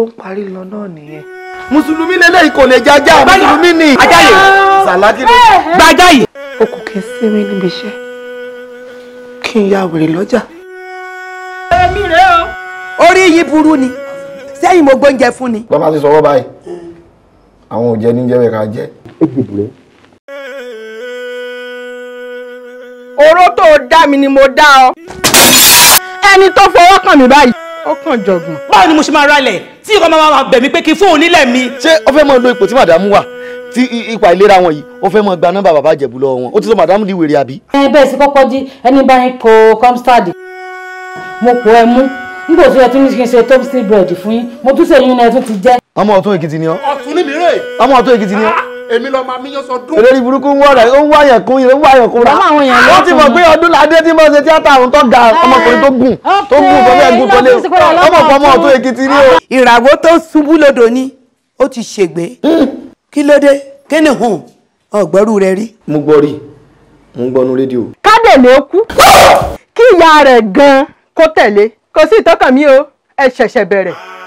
ó ń parí lọ náà nìyẹn. mùsùlùmí lélẹ́yìn kò lè jájá mùsùlùmí ni ajáyè sàlágìrì gbàjáyè. ó kù kí n sinmi níbi iṣẹ́ kí n ya wèrè lọ́jà. èmi rèé o. orí yìí burú ni sẹ́yìn mo gbóúnjẹ fún ni. bàbá ti sọ̀rọ̀ báyìí àwọn òjẹ́ níjẹ́ bẹ́ẹ̀ ká jẹ́. oró dá mi ni mo dá ọ ẹni tó fọwọ́ kàn mí báyìí ó kàn jọ̀gbọ̀n. báwo ni mo ṣe máa ralẹ̀ tí ìkọ́ máa máa bẹ̀ mí pé kí fóònù nílẹ̀ mi. ṣé o fẹ́ mọ lo ipò tí màdàmú wà tí ipa ìlera wọn yìí o fẹ́ mọ gba nọ́mbà bàbá jẹ̀bù lọ́wọ́ wọn ó ti sọ màdàmú di wèrè àbí. ẹ bẹ́ẹ̀ sí kọ́kọ́ jí ẹni bá ń po comstad mo pò ẹ mú nígbà tó yẹ tún ní kí n ṣe toasted bread fún yín mo tún ṣèyún náà tún ti jẹ́. ọmọ ọ̀tún èkìtì ni ọ. ọ̀tún ní mìíràn. ọmọ ọ̀tún èkìtì ni ọ èmi lọ máa míyán sọdún. olórí burúkú ń wọ rẹ ó ń wá yẹn kún yẹn ó ń wá yẹn kún rà. báwọn yẹn lọ. wọ́n ti mọ̀ pé ọdún ládé tí mo ṣe tíátà àwọn tó ga ọmọkùnrin tó gùn tó gùn tó fẹ́ gùn tó lé ọmọkùnrin ọ̀tún èkìtì rí o. ìràwọ̀ tó ṣubú lodò ni ó ti ṣègbè hmm. kí ló dé kí ni hùn rẹ rí. mo gbọ́ rí mo ń gbọ́nu rédíò. kádè kú ah! kí ìyá rẹ̀ gan kó tẹ̀lé kò sí ìtọ́kàn mi o ẹ ṣẹ̀ṣẹ̀ bẹ̀rẹ̀.